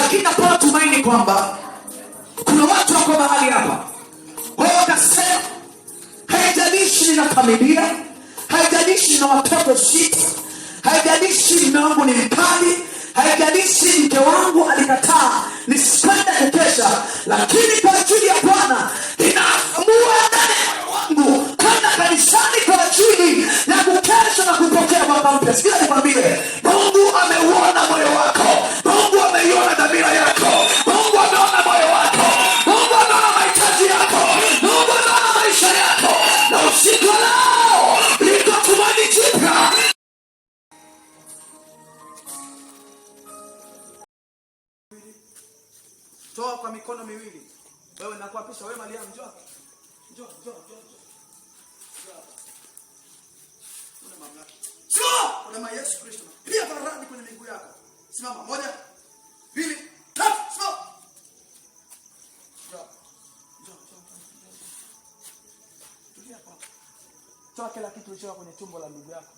lakini napata tumaini kwamba kuna watu wako mahali hapa, wao watasema, haijalishi nina familia, haijalishi na watoto sita, haijalishi mme wangu ni mkali, haijalishi mke wangu alikataa nisikwenda kukesha, lakini kwa ajili ya Bwana inaamua ndani wangu kwenda kanisani kwa ajili ya kukesha na kupokea mwaka mpya. toa kwa mikono miwili. Wewe nakuapisha wewe, Mariamu, njoo njoo, njoo, njoo, njoo Una mamlaka, Sio! Una Mama Yesu Kristo, pia paradi kwenye miguu yako. Simama, moja, mbili, tatu, simama. Njoo, njoo, njoo, njoo. Toa kila kitu ulichoa kwenye tumbo la ndugu yako.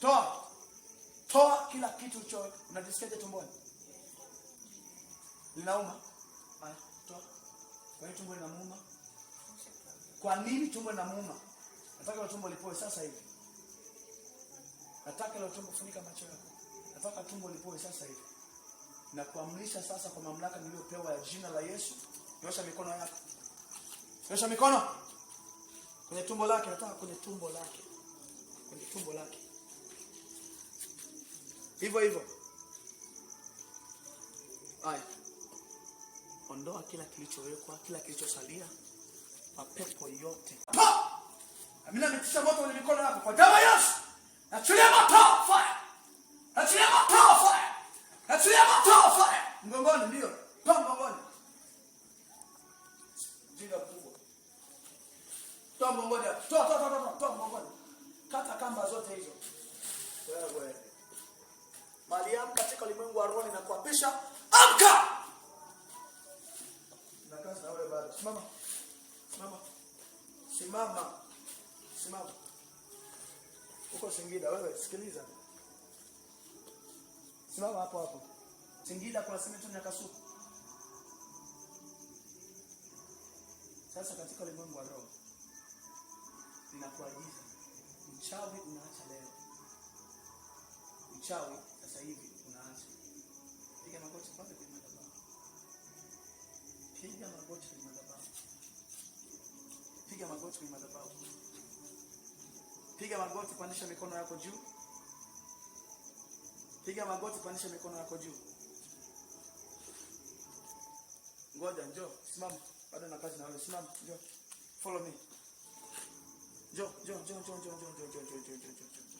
Toa, toa kila kitu ulichoa. unajisikia tumboni? Linauma? Ah, kwa nini tumbo linamuuma? Kwa nini tumbo linamuuma? Nataka tumbo lipoe sasa hivi. Nataka ile tumbo funika macho yako. Nataka tumbo lipoe sasa hivi. Na kuamrisha sasa kwa mamlaka niliyopewa ya jina la Yesu, nyosha mikono yako. Nyosha mikono. Kwenye tumbo lake, nataka kwenye tumbo lake. Kwenye tumbo lake. Hivyo hivyo ondoa kila kilichowekwa, kila kilichosalia, mapepo yote. Amina, nimetisha moto kwenye mikono yako kwa damu ya Yesu. Achilia moto fire. Achilia moto fire. Achilia moto fire. Mgongoni ndio. Pa mgongoni. Jinga kubwa. Toa mgongoni. Toa toa toa toa mgongoni. Kata kamba zote hizo. Wewe. Mariam, katika ulimwengu wa roho ninakuapisha. Amka! Simama. Simama. Simama. Simama. Uko Singida wewe, sikiliza. Simama hapo hapo. Singida kwa cemetery ya Sasa katika ulimwengu wa roho ninakuagiza, uchawi unaacha leo. Uchawi sasa hivi unaacha. Piga magoti pale kwenye madhabahu. Piga magoti piga magoti kwenye madhabahu, piga magoti, pandisha mikono yako juu, piga magoti, pandisha mikono yako juu. Ngoja, njoo, simama, bado na kazi na wewe. Simama, njoo, follow me, njoo, njoo, njoo, njoo, njoo, njoo, njoo, njoo, njoo, njoo